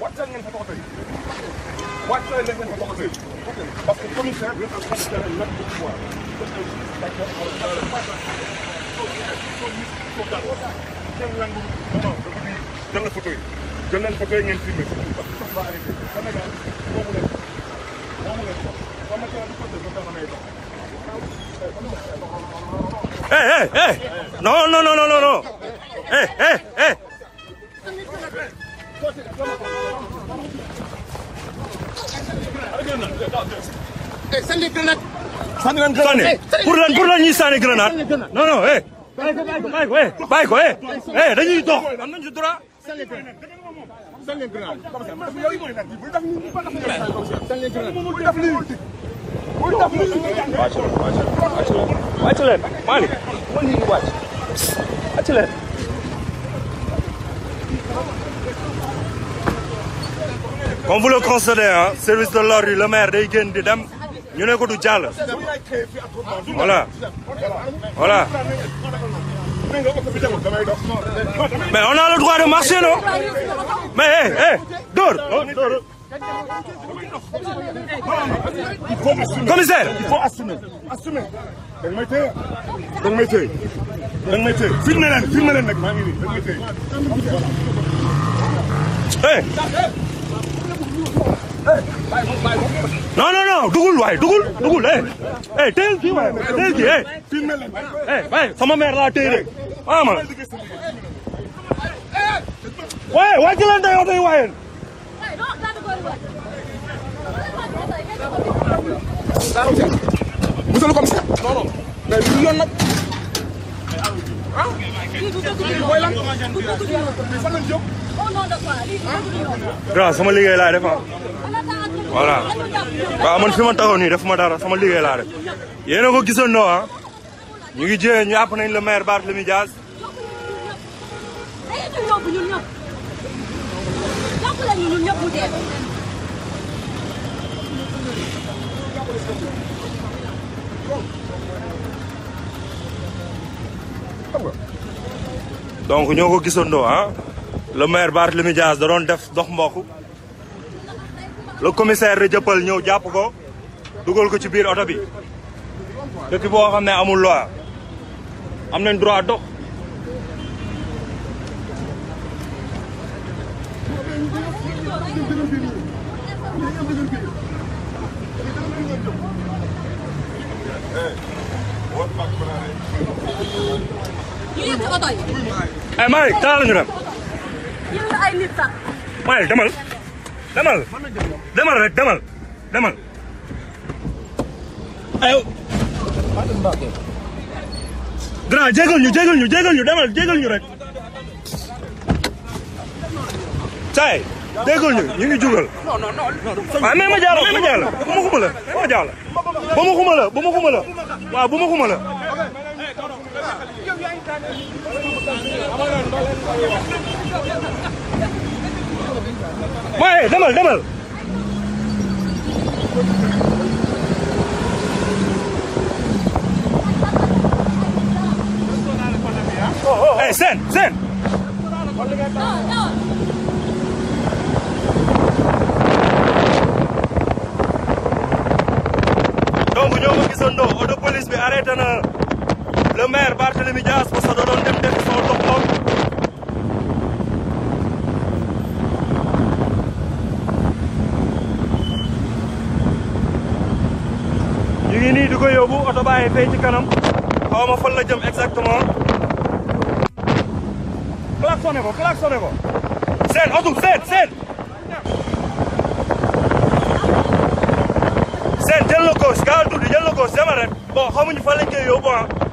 wàccal ngeen fa toxoto yi wàccal ngeen fa toxoto yi parce que commissaire bi am commissaire bi nag pour pouvoir d'accord alors jël langu maman dafa di jël na photo yi jël nañ photo yi ngeen filmé surtout parce que sax ba arrêté Sénégal moomu leen moomu leen ko sama kër bi côté ba dama may dox Hey, hey, hey! No, no, no, no, no, no! Hey, hey, hey! Eh, sànni grenade. sànni leen grenade eh, pour lan pour lan ñuy sànni grenade non non eh. bàyyi ko eh bàyyi ko eh eh dañuy dox am nañu ci droit. sànni grenade sànni grenade. wàcc leen Malick wàcc leen. comme vous le constatez hein, service de l'ordre le maire de di Nous ne pas du voilà voilà. mais on a le droit de marcher non mais hé, hé commissaire il faut assumer assumer. Il assumer Assumer. assumer. may mettez, donc may non non non dugul waay dugul dugul eh eh teel kii waay teel kii eh eh waay sama mère laa téye rek eh. ah ma waaye wàcc leen tey oto yi waayeen monsieur le commissaire non non mais loolu nag ah lii du sama liggéey laa def ah. voilà waaw man fi ma taxaw nii defuma dara sama liggéey laa def yéen a ko gisandoo ah ñu ngi jiyee ñu àpp nañ le maire Barthélémy Dias ñun donc ñoko ko gisandoo le maire bart Barthélémy Dias da doon def dox mbokku le commissaire de Dieuppeul japp ko dugal ko ci biir auto bi dëkk bo xamné amul loi am nañ droit dox ñu yëg ci oto yi. ay Malick taal ñu dem. yéen ay nit sax. Malick demal. demal demal rek demal demal. aywa. Eh, oh. grand jégal ñu jégal ñu jégal ñu demal jégal ñu rek. say jégal ñu ñu ngi jugal. waaw ah, mais ma jàll ma jàll ba ma xuma la ba ma jàll. ba ma xuma la ba ma xuma la waaw ba ma xuma la. waaye demal demal. eh seen seen. donc ñoo ko gisandoo oto police bi arrêté na. le maire Barthélémy Dias parce dem defi son dox moom di ko yóbbu oto bàyyi fay ci kanam xaw ma fan la jëm exactement klaxonné ko klaxonné ko seen oto seen seen seen jël la gauche gaa tuuti jël la gauche demal rek bon xamuñu fan lañ koy ah.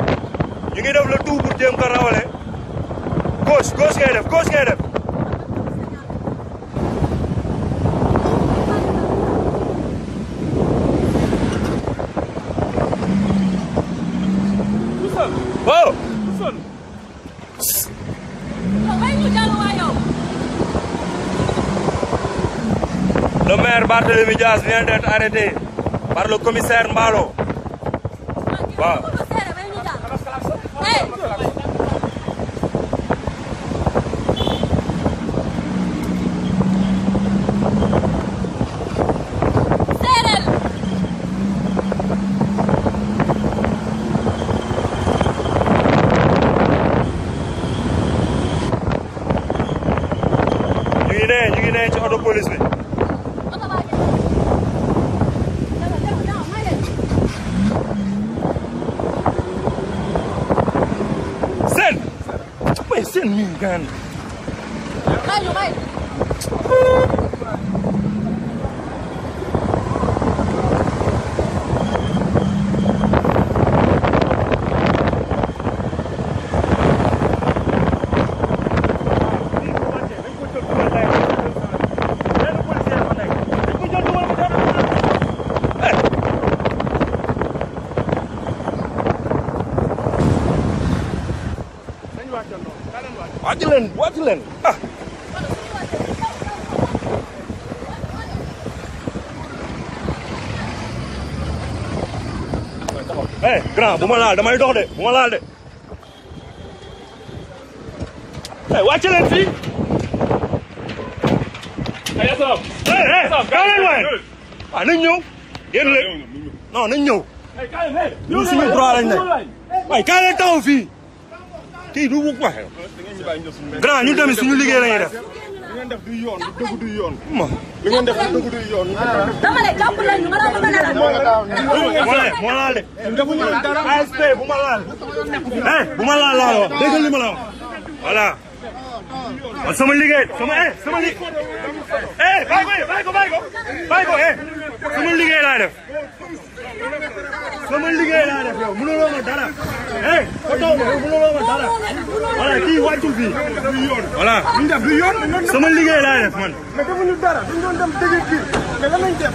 ñu ngi def le tout pour jéem ko rawale gauche gauche ngay def gauche ngay def waaw Le maire Barthélémy Diaz vient d'être arrêté par le commissaire Mbalo. Wow. 哎。真敏感。quá chứ lên quá chứ lên à. Eh, kena, bunga lah, dah mari dah deh, bunga lah deh. Eh, watch it and see. Hey, that's up. Hey, hey, come in one. Ah, ninyo. Yen le. No, ninyo. Hey, come in. You see me bro, ninyo. Hey, come in, Taufi. kii du wuk waxe vraiment ñun tamit suñu liggéey lañuy def li ngeen def du yoon du dëgg du yoon. li ngeen def du dëgg du yoon. dama ne jàpp nañu ma doon mën a laal. moo laal ASP bu ma laal. eh bu ma laal laa wax dégg li ma la wax voilà. sama liggéey sama eh sama liggéey. eh bàyyi ko bàyyi ko bàyyi ko bàyyi ko eh, eh. sama liggéey laa def sama liggéey laa def ma dara eh oto ma dara voilà kii wàccul fii du yoon voilà ñu du yoon sama liggéey laa def man mais defuñu dara duñ doon dem dëgg kii mais lan lañ def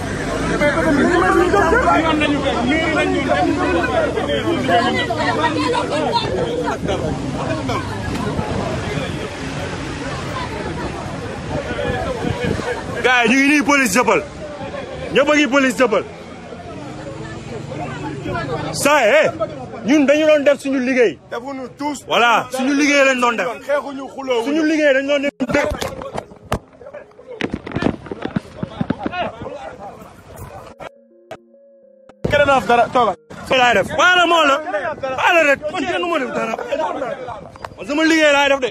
mais gars yi ñu ngi nii police jëppal ñëpp a ngi police jëppal saa eh ñun dañu doon def suñu liggéey. defuñu tous. voilà suñu liggéey lañ doon def suñu liggéey dañ doon def. keneen naa fi dara toogal. laay def baala moo la baala rek man kenn du ma def dara man sama liggéey laay def de.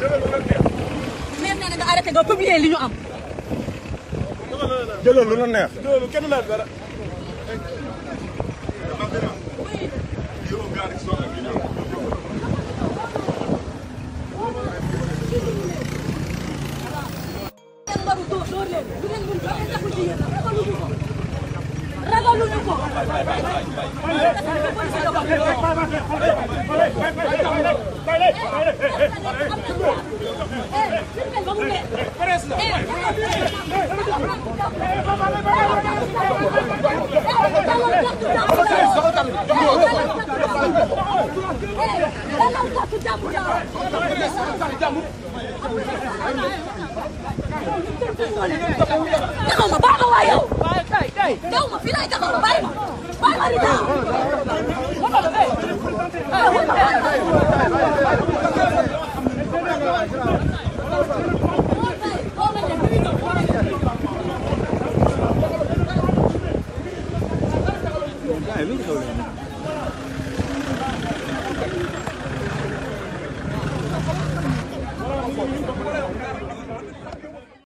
maire nee na nga arrêté nga publier lu la neex. jëlal kenn laaj dara. taxaw ma bàyyi ma waay yow. daw ma fii lay taxaw ma bàyyi ma bàyyi ma di taxaw. waaw waaw waaw.